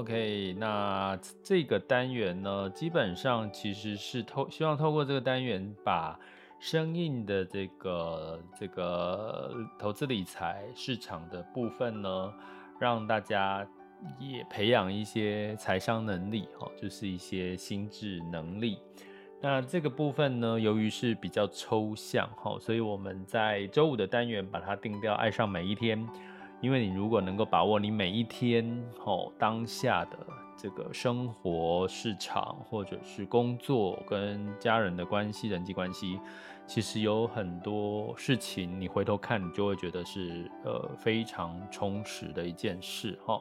OK，那這個單元呢，基本上其實是透希望透過這個單元，把生硬的這個這個投資理財市場的部分呢，讓大家也培養一些財商能力，哦，就是一些心智能力。那這個部分呢，由於是比較抽象，哈，所以我們在周五的單元把它定掉，愛上每一天。因為你如果能夠把握你每一天吼、哦、當下的這個生活、市場或者是工作跟家人的關係、人際關係，其實有很多事情你回頭看，你就會覺得是呃非常充實的一件事哈、哦。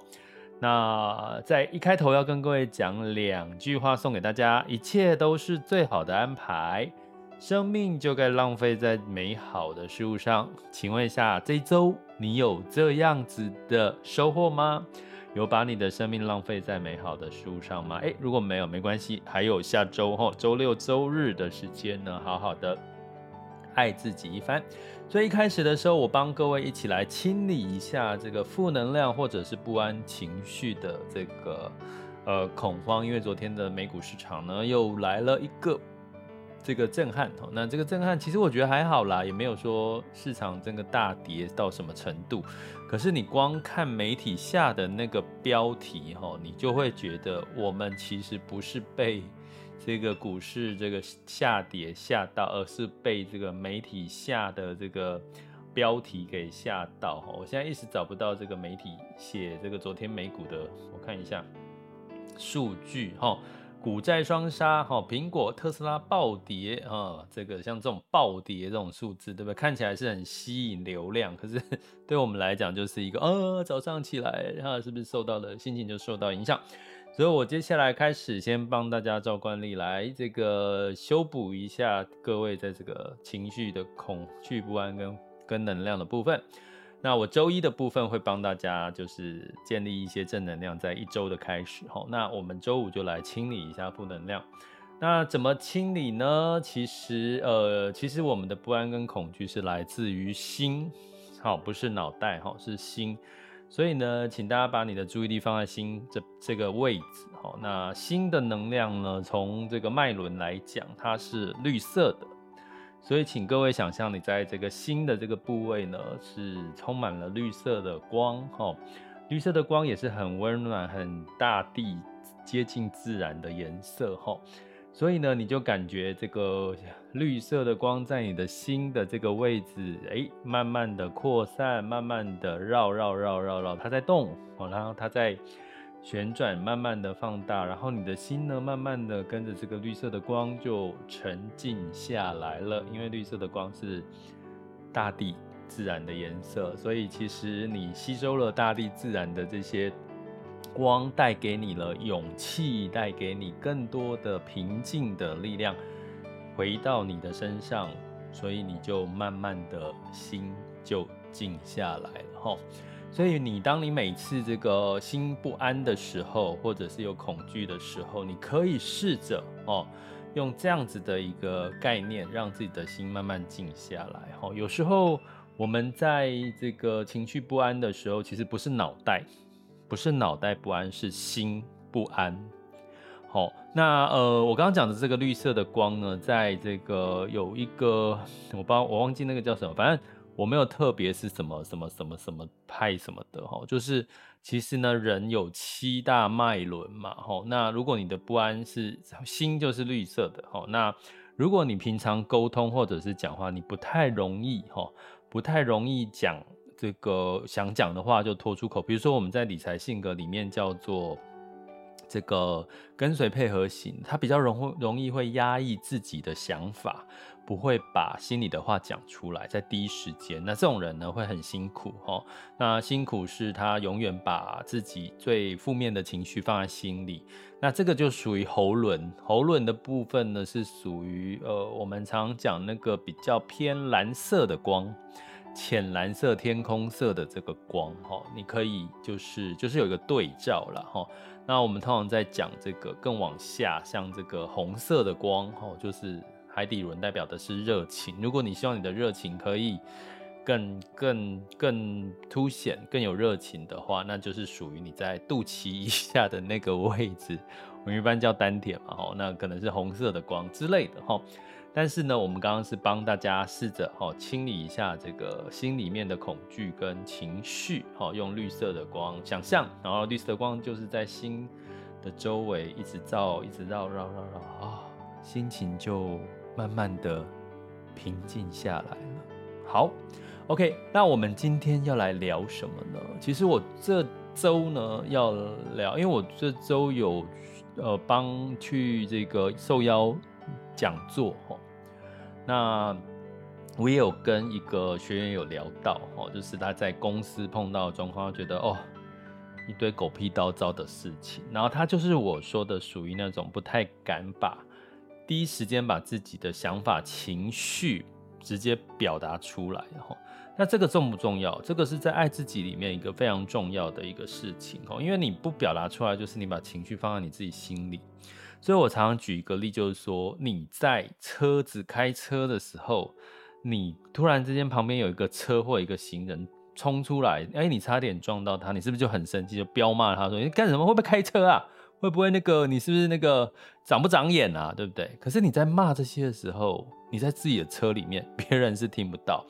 那在一開頭要跟各位講兩句話，送給大家：一切都是最好的安排。生命就該浪費在美好的事物上。請問一下，這一周你有這樣子的收穫嗎？有把你的生命浪費在美好的事物上嗎？哎，如果沒有，沒關係。還有下周吼，周六周日的時間呢，好好的愛自己一番。所以一開始的時候，我幫各位一起來清理一下這個負能量或者是不安情緒的這個呃恐慌，因為昨天的美股市場呢，又來了一個。這個震撼，那這個震撼其實我覺得還好啦，也沒有說市場這個大跌到什麼程度。可是你光看媒體下的那個標題，哈，你就會覺得我們其實不是被這個股市這個下跌嚇到，而是被這個媒體下的這個標題給嚇到。我現在一時找不到這個媒體寫這個昨天美股的，我看一下數據，哈。股債雙殺，哈，蘋果、特斯拉暴跌，啊，這個像這種暴跌這種數字，對不對？看起來是很吸引流量，可是對我們來講就是一個，呃，早上起來，哈，是不是受到的心情就受到影響？所以我接下來開始先幫大家照慣例來這個修補一下各位在這個情緒的恐懼不安跟跟能量的部分。那我週一的部分會幫大家，就是建立一些正能量，在一周的開始吼。那我們週五就來清理一下負能量。那怎麼清理呢？其實，呃，其實我們的不安跟恐懼是來自於心，好，不是腦袋，哈，是心。所以呢，請大家把你的注意力放在心這這個位置，好。那心的能量呢，從這個脈輪來講，它是綠色的。所以，請各位想象，你在這個心的這個部位呢，是充滿了綠色的光哈、哦。綠色的光也是很溫暖，很大地接近自然的顏色哈、哦。所以呢，你就感覺這個綠色的光在你的心的這個位置，誒，慢慢地擴散，慢慢地繞繞繞繞繞，它在動哦，然後它在。旋轉，慢慢地放大，然後你的心呢，慢慢地跟着這個綠色的光就沉靜下來了。因為綠色的光是大地自然的顏色，所以其實你吸收了大地自然的這些光，帶給你了勇氣，帶給你更多的平靜的力量，回到你的身上，所以你就慢慢的心就靜下來了，吼！所以你當你每次這個心不安的時候，或者是有恐懼的時候，你可以試着哦，用這樣子的一個概念，讓自己的心慢慢靜下來。吼、哦，有時候我們在這個情緒不安的時候，其實不是腦袋，不是腦袋不安，是心不安。好、哦，那呃，我剛剛講的這個綠色的光呢，在這個有一個，我不知道，我忘記那個叫什麼，反正。我沒有特別是什麼什麼什麼什麼派什麼的齁，就是其實呢，人有七大脈輪嘛齁。那如果你的不安是心就是綠色的齁，那如果你平常溝通或者是講話，你不太容易齁，不太容易講這個想講的話就脫出口。比如說我們在理財性格裡面叫做這個跟隨配合型，它比較容容易會壓抑自己的想法。不會把心裡的話講出來，在第一時間，那這種人呢會很辛苦哈、哦。那辛苦是他永遠把自己最負面的情緒放在心裡。那這個就屬於喉輪，喉輪的部分呢是屬於呃我們常講那個比較偏藍色的光，淺藍色天空色的這個光哈、哦。你可以就是就是有一個對照了哈、哦。那我們通常在講這個更往下，像這個紅色的光哈、哦，就是。海底輪代表的是熱情。如果你希望你的熱情可以更、更、更凸顯、更有熱情的話，那就是屬於你在肚臍以下的那個位置，我們一般叫丹田嘛，吼。那可能是紅色的光之類的，但是呢，我們剛剛是幫大家試着，哦清理一下這個心裡面的恐懼跟情緒，吼，用綠色的光想象，然後綠色的光就是在心的周圍一直照，一直繞、繞、繞、繞啊，心情就。慢慢的平靜下來了。好，OK，那我們今天要來聊什麼呢？其實我這週呢要聊，因為我這週有呃幫去這個受邀講座、喔、那我也有跟一個學員有聊到哦、喔，就是他在公司碰到狀況，他覺得哦、喔、一堆狗屁倒灶的事情，然後他就是我說的屬於那種不太敢把。第一時間把自己的想法、情緒直接表達出來，吼，那這個重不重要？這個是在愛自己裡面一個非常重要的一個事情，哦，因為你不表達出來，就是你把情緒放在你自己心裡。所以我常常舉一個例，就是說你在車子開車的時候，你突然之間旁邊有一個車或一個行人衝出來，哎、欸，你差點撞到他，你是不是就很生氣，就飆罵他說你幹什麼？會不會開車啊？會不會，那個你是不是那個長不長眼啊，對不對？可是你在罵這些的時候，你在自己的車裡面，別人是聽不到，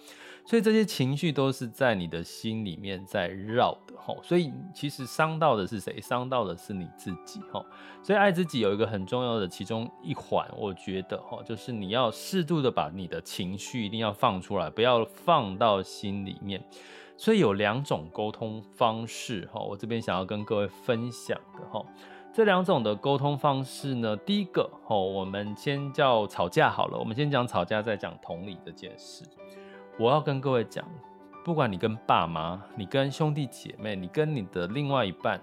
所以這些情緒都是在你的心裡面在繞的吼，所以其實傷到的是誰？傷到的是你自己吼，所以愛自己有一個很重要的其中一環，我覺得吼，就是你要適度的把你的情緒一定要放出來，不要放到心裡面。所以有兩種溝通方式哈，我這邊想要跟各位分享的哈。這兩種的溝通方式呢，第一個哦，我們先叫吵架好了。我們先講吵架，再講同理這件事。我要跟各位講，不管你跟爸媽、你跟兄弟姐妹、你跟你的另外一半，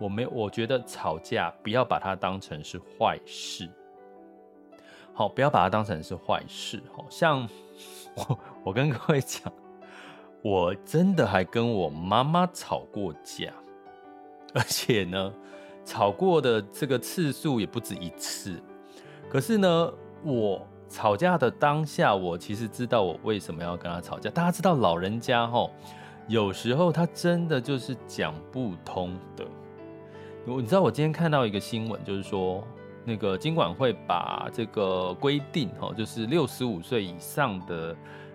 我沒，我覺得吵架不要把它當成是壞事。好，不要把它當成是壞事。好像我，我跟各位講，我真的還跟我媽媽吵過架，而且呢。吵過的這個次數也不止一次，可是呢，我吵架的當下，我其實知道我為什麼要跟他吵架。大家知道老人家吼、喔，有時候他真的就是講不通的。你知道，我今天看到一個新聞，就是說那個金管會把這個規定哦、喔，就是六十五歲以上的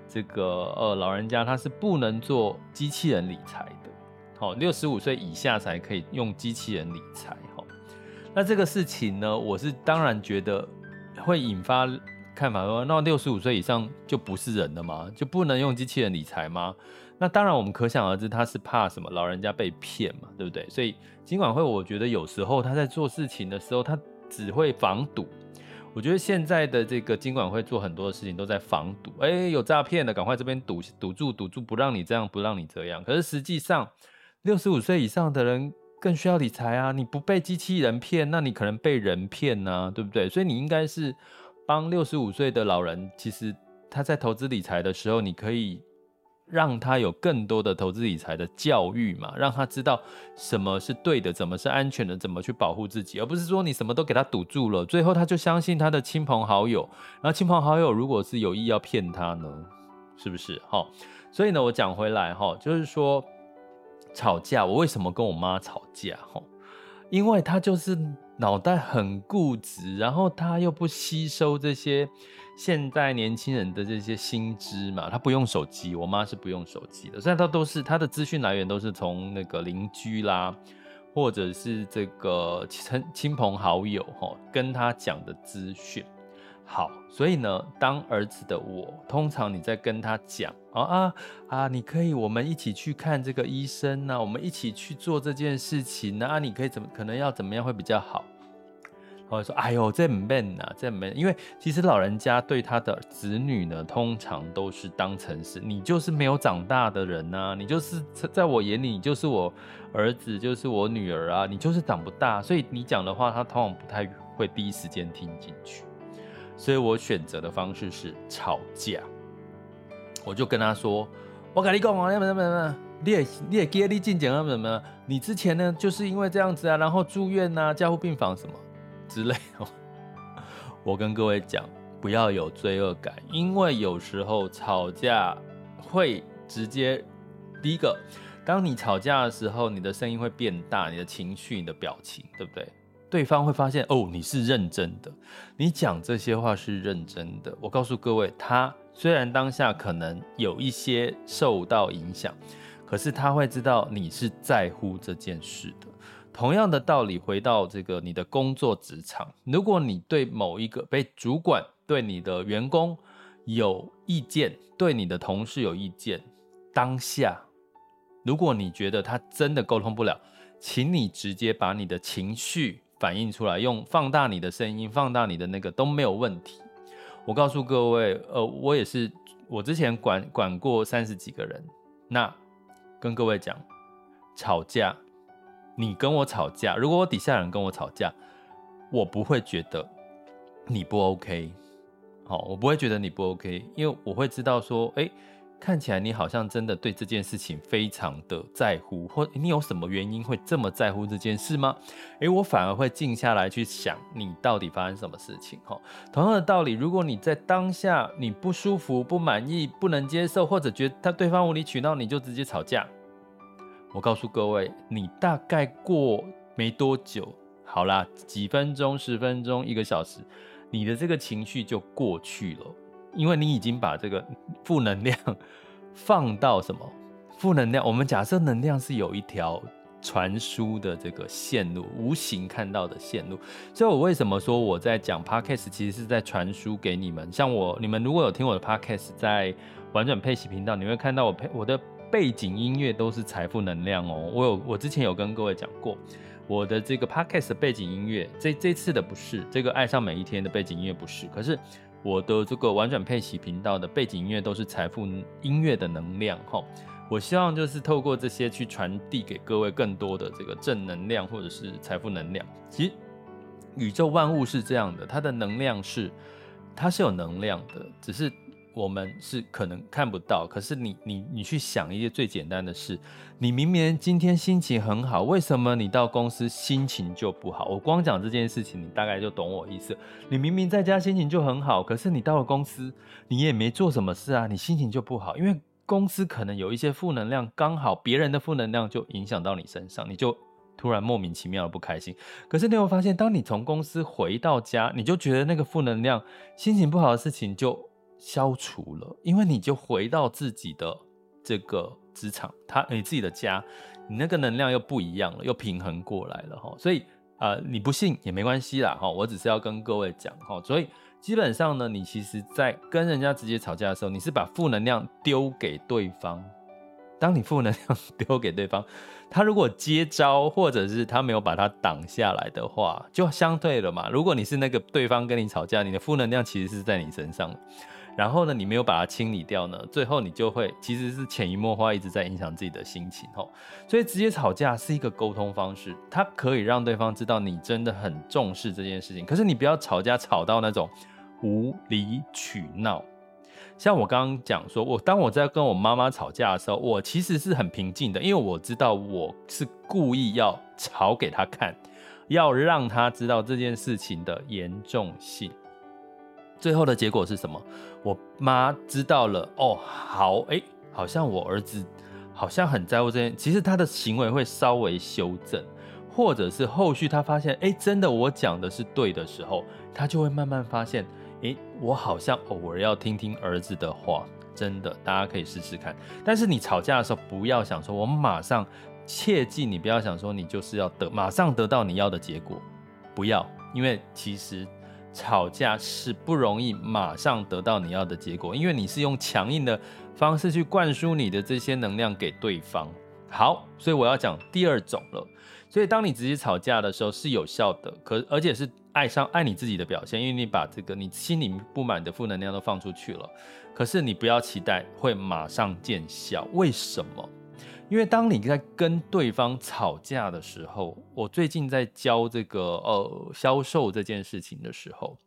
這個呃老人家，他是不能做機器人理財的。好，六十五歲以下才可以用機器人理財。那這個事情呢，我是當然覺得會引發看法說，那六十五歲以上就不是人了嗎？就不能用機器人理財嗎？那當然，我們可想而知，他是怕什麼？老人家被騙嘛，對不對？所以金管會，我覺得有時候他在做事情的時候，他只會防堵。我覺得現在的這個金管會做很多的事情都在防堵，哎、欸，有詐騙的，趕快這邊堵，堵住，堵住，不讓你這樣，不讓你這樣。可是實際上。六十五歲以上的人更需要理財啊！你不被機器人騙，那你可能被人騙呢，對不對？所以你應該是幫六十五歲的老人。其實他在投資理財的時候，你可以讓他有更多的投資理財的教育嘛，讓他知道什麼是對的，怎麼是安全的，怎麼去保護自己，而不是說你什麼都給他堵住了，最後他就相信他的親朋好友。然後親朋好友如果是有意要騙他呢，是不是？哈，所以呢，我講回來哈，就是說。吵架，我為什麼跟我媽吵架？因為她就是腦袋很固執，然後她又不吸收這些現代年輕人的這些新知嘛。她不用手機，我媽是不用手機的，所以她都是她的資訊來源都是從那個鄰居啦，或者是這個親親朋好友哈、喔、跟她講的資訊。好，所以呢，當兒子的我，通常你在跟他講啊啊啊，你可以我們一起去看這個醫生吶、啊，我們一起去做這件事情吶、啊，啊，你可以怎麼可能要怎麼樣會比較好？好我會說，哎呦，這很悶吶、啊，這很悶、啊。因為其實老人家對他的子女呢，通常都是當成是，你就是沒有長大的人吶、啊，你就是在我眼裡，你就是我兒子，就是我女兒啊，你就是長不大，所以你講的話，他通常不太會第一時間聽進去。所以我選擇的方式是吵架，我就跟他說：“我跟你講哦，你你也你也給你進講啊，什麼你之前呢，就是因為這樣子啊，然後住院吶、啊，加護病房什麼之類的。 ”我跟各位講，不要有罪惡感，因為有時候吵架會直接，第一個，當你吵架的時候，你的聲音會變大，你的情緒、你的表情，對不對？對方會發現哦，你是認真的，你講這些話是認真的。我告訴各位，他雖然當下可能有一些受到影響，可是他會知道你是在乎這件事的。同樣的道理，回到這個你的工作職場，如果你對某一個被主管對你的員工有意見，對你的同事有意見，當下如果你覺得他真的溝通不了，請你直接把你的情緒，反映出來，用放大你的聲音，放大你的那個都沒有問題。我告訴各位，呃，我也是，我之前管管過三十幾個人。那跟各位講，吵架，你跟我吵架，如果我底下人跟我吵架，我不會覺得你不 OK，好、哦，我不會覺得你不 OK，因為我會知道說，哎、欸。看起來你好像真的對這件事情非常的在乎，或你有什麼原因會這麼在乎這件事嗎？哎、欸，我反而會靜下來去想你到底發生什麼事情。哈，同樣的道理，如果你在當下你不舒服、不滿意、不能接受，或者覺得他對方無理取鬧，你就直接吵架。我告訴各位，你大概過沒多久，好啦，幾分鐘、十分鐘、一個小時，你的這個情緒就過去了。因為你已經把這個負能量放到什麼負能量？我們假設能量是有一條傳輸的這個線路，無形看到的線路。所以，我為什麼說我在講 Podcast，其實是在傳輸給你們。像我，你們如果有聽我的 Podcast，在完轉佩奇頻道，你會看到我配我的背景音樂都是財富能量哦。我有，我之前有跟各位講過，我的這個 Podcast 的背景音樂，這這次的不是這個愛上每一天的背景音樂不是，可是。我的這個玩轉佩奇頻道的背景音樂都是財富音樂的能量吼，我希望就是透過這些去傳遞給各位更多的這個正能量或者是財富能量。其實宇宙萬物是這樣的，它的能量是它是有能量的，只是。我們是可能看不到，可是你你你去想一些最簡單的事，你明明今天心情很好，為什麼你到公司心情就不好？我光講這件事情，你大概就懂我意思。你明明在家心情就很好，可是你到了公司，你也沒做什麼事啊，你心情就不好，因為公司可能有一些負能量，剛好別人的負能量就影響到你身上，你就突然莫名其妙的不開心。可是你有沒有發現，當你從公司回到家，你就覺得那個負能量、心情不好的事情就。消除了，因為你就回到自己的這個職場，他你自己的家，你那個能量又不一樣了，又平衡過來了哈。所以啊、呃，你不信也沒關係啦哈，我只是要跟各位講哈。所以基本上呢，你其實，在跟人家直接吵架的時候，你是把負能量丟給對方。當你負能量丟給對方，他如果接招，或者是他沒有把他擋下來的話，就相對了嘛。如果你是那個對方跟你吵架，你的負能量其實是在你身上。然後呢，你沒有把它清理掉呢，最後你就會其實是潛移默化一直在影響自己的心情吼。所以直接吵架是一個溝通方式，它可以讓對方知道你真的很重視這件事情。可是你不要吵架吵到那種無理取鬧。像我剛剛講說，我當我在跟我媽媽吵架的時候，我其實是很平靜的，因為我知道我是故意要吵給她看，要讓她知道這件事情的嚴重性。最後的結果是什麼？我媽知道了哦，好，哎、欸，好像我兒子好像很在乎這些，其實他的行為會稍微修正，或者是後續他發現，哎、欸，真的我講的是對的時候，他就會慢慢發現，哎、欸，我好像偶爾要聽聽兒子的話，真的，大家可以試試看。但是你吵架的時候，不要想說，我馬上，切記你不要想說，你就是要得馬上得到你要的結果，不要，因為其實。吵架是不容易馬上得到你要的結果，因為你是用強硬的方式去灌輸你的這些能量給對方。好，所以我要講第二種了。所以當你直接吵架的時候是有效的，可而且是愛上愛你自己的表現，因為你把這個你心裡不滿的負能量都放出去了。可是你不要期待會馬上見效，為什麼？因為當你在跟對方吵架的時候，我最近在教這個呃銷售這件事情的時候，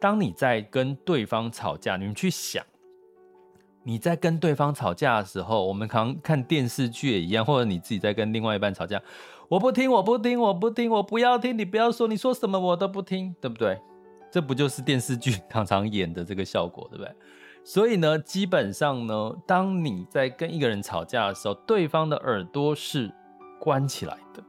當你在跟對方吵架，你們去想，你在跟對方吵架的時候，我們常看電視劇也一樣，或者你自己在跟另外一半吵架，我不聽，我不聽，我不聽，我不要聽，你不要說，你說什麼我都不聽，對不對？這不就是電視劇常常演的這個效果，對不對？所以呢，基本上呢，當你在跟一個人吵架的時候，對方的耳朵是關起來的，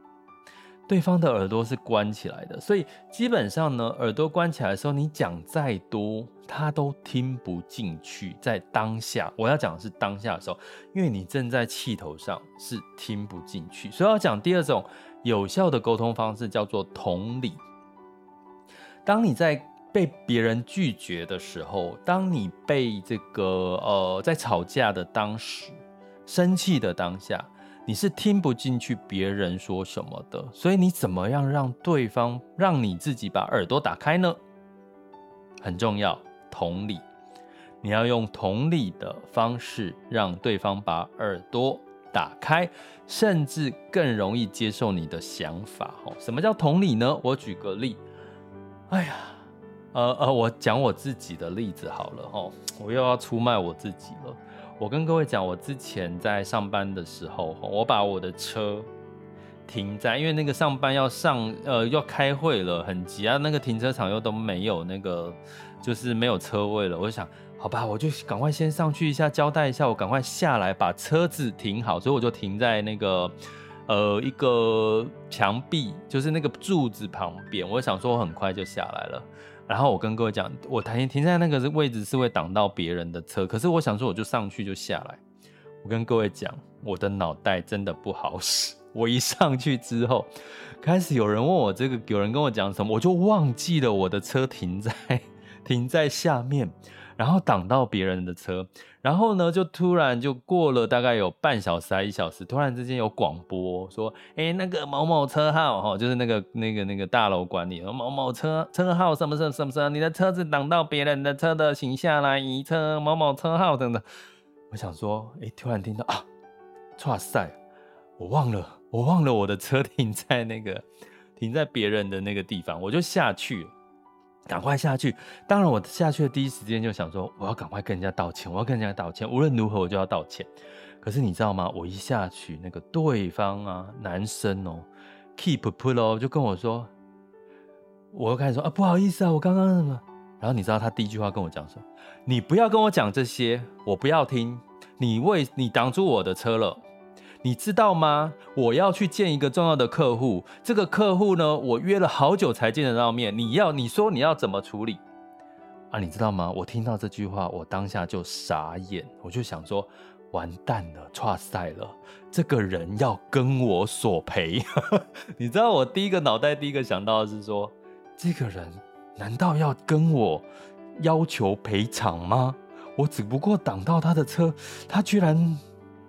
對方的耳朵是關起來的。所以基本上呢，耳朵關起來的時候，你講再多，他都聽不進去。在當下，我要講的是當下的時候，因為你正在氣頭上，是聽不進去。所以要講第二種有效的溝通方式，叫做同理。當你在被別人拒絕的時候，當你被這個呃，在吵架的當時，生氣的當下，你是聽不進去別人說什麼的。所以你怎麼樣讓對方，讓你自己把耳朵打開呢？很重要。同理，你要用同理的方式讓對方把耳朵打開，甚至更容易接受你的想法。什麼叫同理呢？我舉個例，哎呀。呃呃，我講我自己的例子好了，哦，我又要出賣我自己了。我跟各位講，我之前在上班的時候，我把我的車停在，因為那個上班要上呃要開會了，很急啊。那個停車場又都沒有那個，就是沒有車位了。我想，好吧，我就趕快先上去一下交代一下，我趕快下來把車子停好。所以我就停在那個呃一個牆壁，就是那個柱子旁邊。我想說，我很快就下來了。然後我跟各位講，我停在那個位置是會擋到別人的車，可是我想說我就上去就下來。我跟各位講，我的腦袋真的不好使。我一上去之後，開始有人問我這個，有人跟我講什麼，我就忘記了我的車停在停在下面。然後擋到別人的車，然後呢，就突然就過了大概有半小時還一小時，突然之間有廣播說，誒、欸，那個某某車號，哈、哦，就是那個那個那個大樓管理，某某車車號什麼什麼什麼，你的車子擋到別人的車的，停下來移車，某某車號等等。我想說，誒、欸，突然聽到啊，哇塞，我忘了，我忘了我的車停在那個，停在別人的那個地方，我就下去。趕快下去！當然，我下去的第一時間就想說，我要趕快跟人家道歉，我要跟人家道歉。無論如何，我就要道歉。可是你知道嗎？我一下去，那個對方啊，男生哦，keep pull 哦，就跟我說，我又開始說啊，不好意思啊，我剛剛什麼？然後你知道他第一句話跟我講什麼？你不要跟我講這些，我不要聽。你為你擋住我的車了。你知道嗎？我要去見一個重要的客戶，這個客戶呢，我約了好久才見得到面。你要你說你要怎麼處理啊？你知道嗎？我聽到這句話，我當下就傻眼，我就想說，完蛋了，剉賽了，這個人要跟我索賠。 你知道我第一個腦袋第一個想到的是說，這個人難道要跟我要求賠償嗎？我只不過擋到他的車，他居然。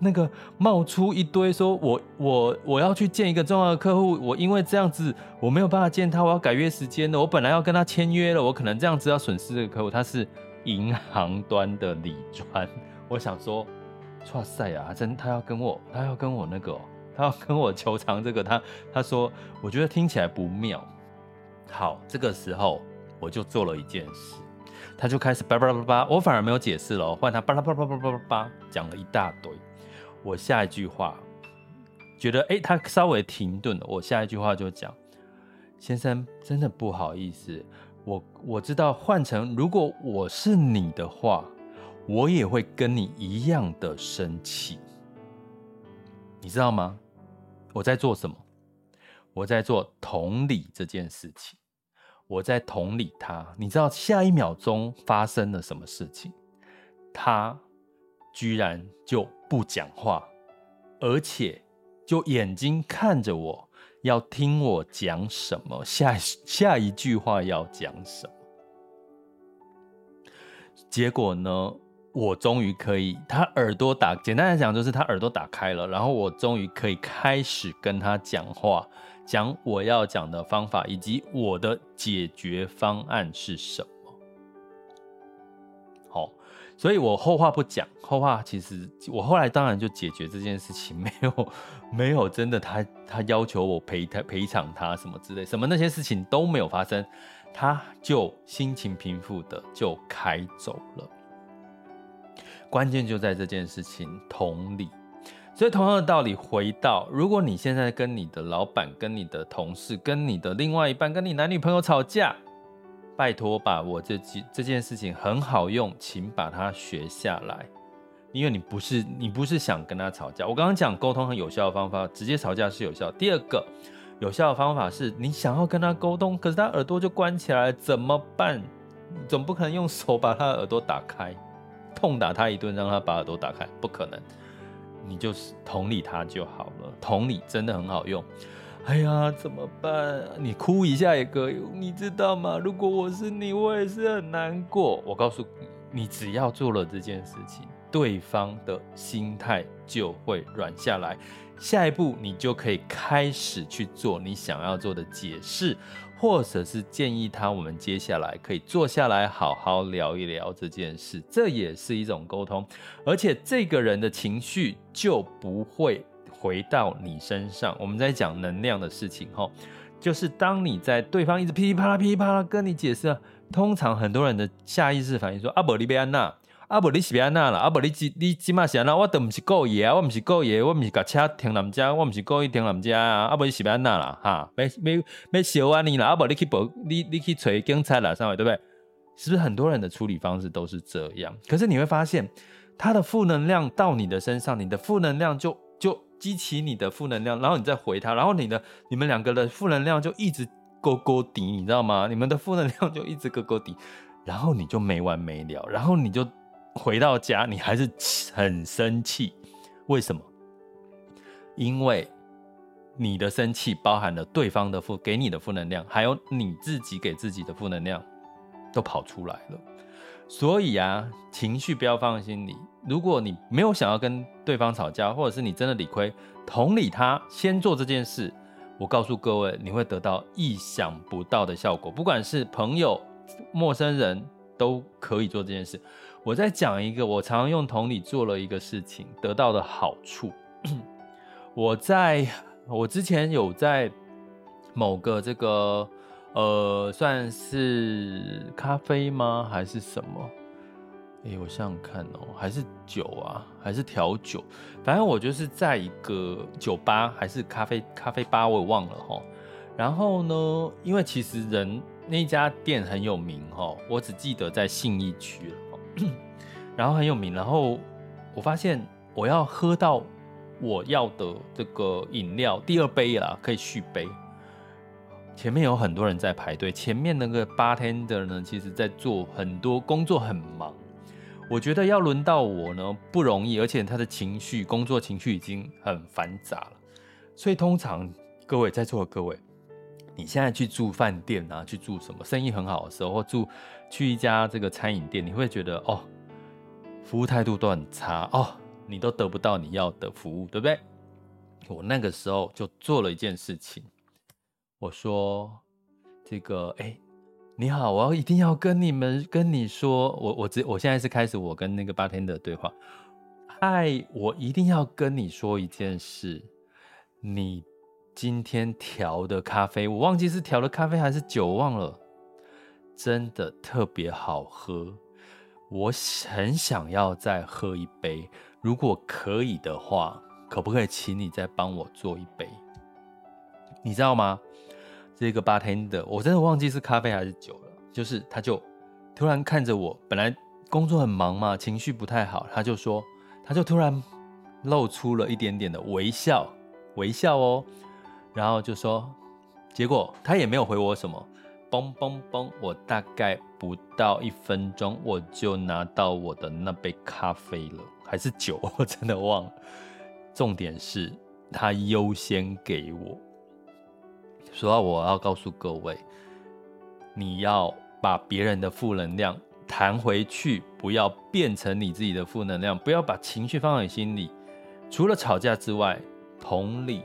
那個冒出一堆，說我我我要去見一個重要的客戶，我因為這樣子我沒有辦法見他，我要改約時間的。我本來要跟他簽約了，我可能這樣子要損失這個客戶。他是銀行端的理專， 我想說哇塞呀，真他要跟我他要跟我那個他要跟我求償，這個他他說我覺得聽起來不妙。好，這個時候我就做了一件事，他就開始巴拉巴拉，我反而沒有解釋嘍，換他巴拉巴拉巴拉巴拉講了一大堆。我下一句話，覺得哎，他稍微停頓了。我下一句話就講：“先生，真的不好意思，我我知道，換成如果我是你的話，我也會跟你一樣的生氣，你知道嗎？我在做什麼？我在做同理這件事情，我在同理他。你知道下一秒鐘發生了什麼事情？他。”居然就不講話，而且就眼睛看着我，要聽我講什麼，下一下一句話要講什麼。結果呢，我終於可以，他耳朵打，簡單來講就是他耳朵打開了，然後我終於可以開始跟他講話，講我要講的方法以及我的解決方案是什麼。所以我後話不講，後話其實我後來當然就解決這件事情，沒有，沒有真的他他要求我賠他賠償他什麼之類什麼那些事情都沒有發生，他就心情平復的就開走了。關鍵就在這件事情，同理，所以同樣的道理，回到如果你現在跟你的老闆、跟你的同事、跟你的另外一半、跟你男女朋友吵架。拜託把我這幾這件事情很好用，請把它學下來，因為你不是你不是想跟他吵架。我剛剛講溝通很有效的方法，直接吵架是有效。第二個有效的方法是你想要跟他溝通，可是他耳朵就關起來，怎麼辦？總不可能用手把他的耳朵打開，痛打他一頓讓他把耳朵打開，不可能。你就是同理他就好了，同理真的很好用。哎呀，怎麼辦？你哭一下也可以，你知道嗎？如果我是你，我也是很難過。我告訴你，你只要做了這件事情，對方的心態就會軟下來。下一步，你就可以開始去做你想要做的解釋，或者是建議他，我們接下來可以坐下來好好聊一聊這件事。這也是一種溝通，而且這個人的情緒就不會。回到你身上，我們在講能量的事情，吼，就是當你在對方一直噼里啪啦、噼里啪啦跟你解釋，通常很多人的下意識反應說：“啊不然你欲按怎，啊不然你是欲按怎啦，啊不然你你這馬是按怎？我等不是故意，我不是故意，我不是把車停人家，我不是故意停人家啊，啊不然你是欲按怎啦，哈、啊，沒沒沒小啊你了，啊不然你去報你你去揣警察了，三位對不對？是不是很多人的處理方式都是這樣？可是你會發現，他的負能量到你的身上，你的負能量就，激起你的負能量，然後你再回他，然後你的你們兩個的負能量就一直勾勾底，你知道嗎？你們的負能量就一直勾勾底，然後你就沒完沒了，然後你就回到家，你還是很生氣，為什麼？因為你的生氣包含了對方的負，給你的負能量，還有你自己給自己的負能量，都跑出來了，所以啊，情緒不要放在心裡。如果你沒有想要跟對方吵架，或者是你真的理虧，同理他先做這件事，我告訴各位，你會得到意想不到的效果。不管是朋友、陌生人，都可以做這件事。我再講一個，我常用同理做了一個事情，得到的好處。 我在我之前有在某個這個，呃，算是咖啡嗎？還是什麼？誒、欸，我想想看哦、喔，還是酒啊，還是調酒。反正我就是在一個酒吧，還是咖啡咖啡吧，我也忘了哈、喔。然後呢，因為其實人那家店很有名哈、喔，我只記得在信義區、喔、 然後很有名，然後我發現我要喝到我要的這個飲料，第二杯啦，可以續杯。前面有很多人在排隊，前面那個 bartender 呢，其實在做很多工作，很忙。我覺得要輪到我呢，不容易，而且他的情緒、工作情緒已經很繁雜了。所以通常各位在座的各位，你現在去住飯店啊，去住什麼，生意很好的時候，或住去一家這個餐飲店，你會覺得哦，服務態度都很差哦，你都得不到你要的服務，對不對？我那個時候就做了一件事情，我說這個哎。誒你好，我要一定要跟你們跟你說，我我直，我現在是開始我跟那個 Bartender 的對話。嗨，我一定要跟你說一件事，你今天調的咖啡，我忘記是調的咖啡還是酒忘了，真的特別好喝，我很想要再喝一杯，如果可以的話，可不可以請你再幫我做一杯？你知道嗎？這個 bartender 我真的忘記是咖啡還是酒了，就是他就突然看着我，本來工作很忙嘛，情緒不太好，他就說，他就突然露出了一點點的微笑，微笑哦，然後就說，結果他也沒有回我什麼，嘣嘣嘣，我大概不到一分鐘，我就拿到我的那杯咖啡了，還是酒，我真的忘了，重點是他優先給我。所以我要告訴各位，你要把別人的負能量彈回去，不要變成你自己的負能量，不要把情緒放在你心裡。除了吵架之外，同理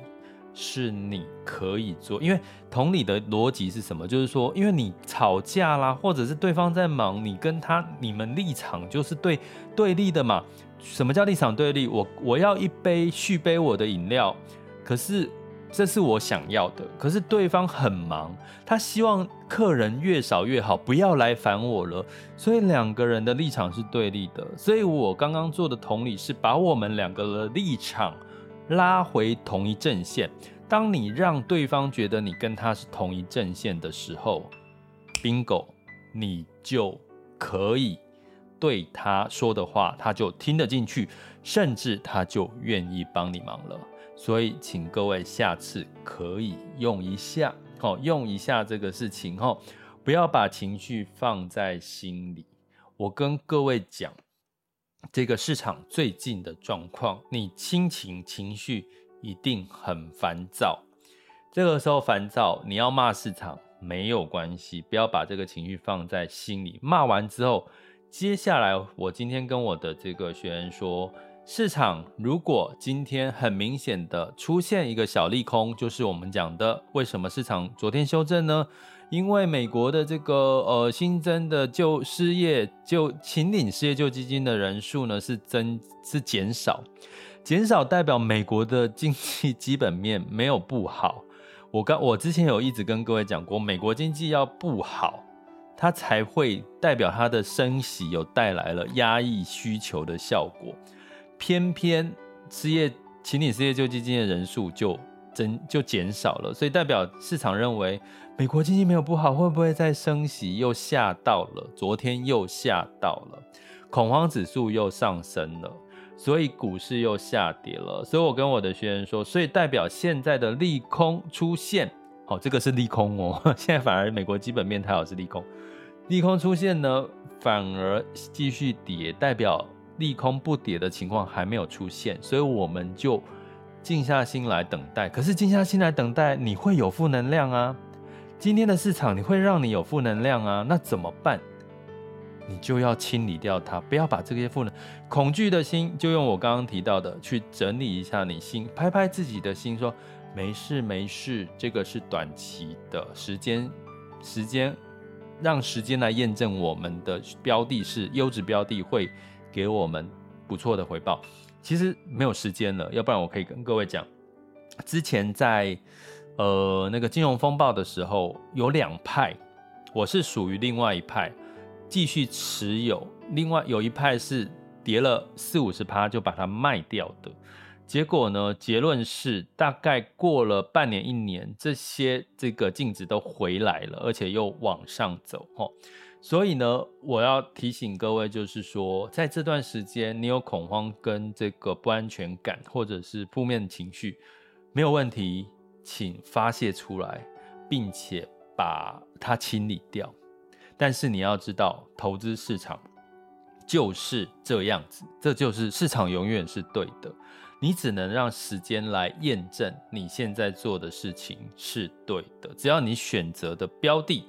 是你可以做，因為同理的邏輯是什麼？就是說，因為你吵架啦，或者是對方在忙，你跟他你們立場就是對，對立的嘛。什麼叫立場對立？我我要一杯續杯我的飲料，可是。這是我想要的，可是對方很忙，他希望客人越少越好，不要來煩我了。所以兩個人的立場是對立的。所以我剛剛做的同理是把我們兩個的立場拉回同一陣線。當你讓對方覺得你跟他是同一陣線的時候，Bingo，你就可以對他說的話，他就聽得進去，甚至他就願意幫你忙了。所以，請各位下次可以用一下，吼、哦，用一下這個事情，吼、哦，不要把情緒放在心裡。我跟各位講，這個市場最近的狀況，你心情情緒一定很煩躁。這個時候煩躁，你要罵市場沒有關係，不要把這個情緒放在心裡。罵完之後，接下來我今天跟我的這個學員說。市場如果今天很明顯的出現一個小利空，就是我們講的為什麼市場昨天修正呢？因為美國的這個呃新增的就失業就請領失業救濟金的人數呢是增是減少，減少代表美國的經濟基本面沒有不好。我剛我之前有一直跟各位講過，美國經濟要不好，它才會代表它的升息有帶來了壓抑需求的效果。偏偏失業，請你失業救濟金的人數就增就減少了，所以代表市場認為美國經濟沒有不好，會不會再升息又下到了？昨天又下到了，恐慌指數又上升了，所以股市又下跌了。所以我跟我的學員說，所以代表現在的利空出現，好，哦，這個是利空哦。現在反而美國基本面太好是利空，利空出現呢，反而繼續跌，代表，利空不跌的情況還沒有出現，所以我們就靜下心來等待。可是靜下心來等待，你會有負能量啊！今天的市場，你會讓你有負能量啊！那怎麼辦？你就要清理掉它，不要把這些負能、恐懼的心，就用我剛剛提到的去整理一下你心，拍拍自己的心說，說沒事沒事，這個是短期的時間，時間讓時間來驗證我們的標的，是優質標的會。給我們不錯的回報。其實沒有時間了，要不然我可以跟各位講，之前在呃那個金融風暴的時候，有兩派，我是屬於另外一派，繼續持有，另外有一派是跌了四五十趴就把它賣掉的，結果呢，結論是大概過了半年一年，這些這個淨值都回來了，而且又往上走，所以呢，我要提醒各位，就是說，在這段時間，你有恐慌跟這個不安全感，或者是負面情緒，沒有問題，請發洩出來，並且把它清理掉。但是你要知道，投資市場就是這樣子，這就是市場永遠是對的，你只能讓時間來驗證你現在做的事情是對的。只要你選擇的標的，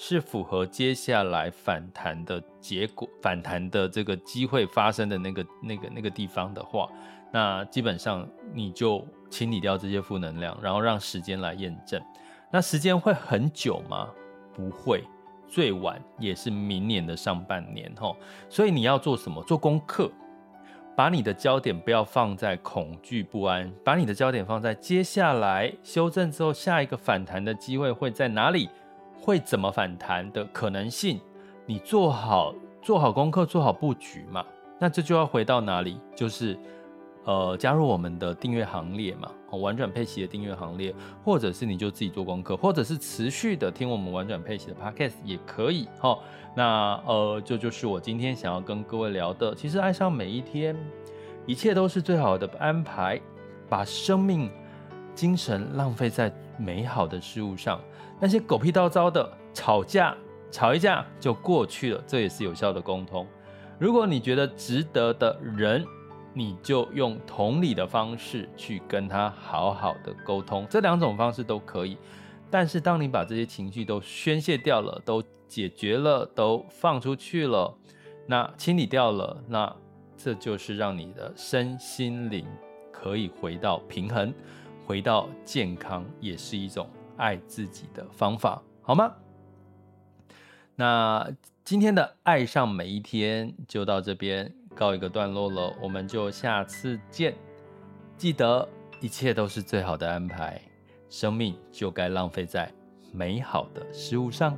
是符合接下來反彈的結果，反彈的這個機會發生的那個那個那個地方的話，那基本上你就清理掉這些負能量，然後讓時間來驗證。那時間會很久嗎？不會，最晚也是明年的上半年齁。所以你要做什麼？做功課，把你的焦點不要放在恐懼不安，把你的焦點放在接下來修正之後下一個反彈的機會會在哪裡？會怎麼反彈的可能性？你做好做好功課，做好布局嘛。那這就要回到哪裡？就是，呃，加入我們的訂閱行列嘛，玩轉佩奇的訂閱行列，或者是你就自己做功課，或者是持續的聽我們玩轉佩奇的 Podcast 也可以哈、哦。那呃，這就，就是我今天想要跟各位聊的。其實，愛上每一天，一切都是最好的安排。把生命精神浪費在美好的事物上。那些狗屁叨叨的吵架，吵一架就過去了，這也是有效的溝通。如果你覺得值得的人，你就用同理的方式去跟他好好的溝通，這兩種方式都可以。但是，當你把這些情緒都宣洩掉了，都解決了，都放出去了，那清理掉了，那這就是讓你的身心靈可以回到平衡，回到健康，也是一種。愛自己的方法好嗎？那今天的愛上每一天就到這邊告一個段落了，我們就下次見。記得一切都是最好的安排，生命就該浪費在美好的事物上。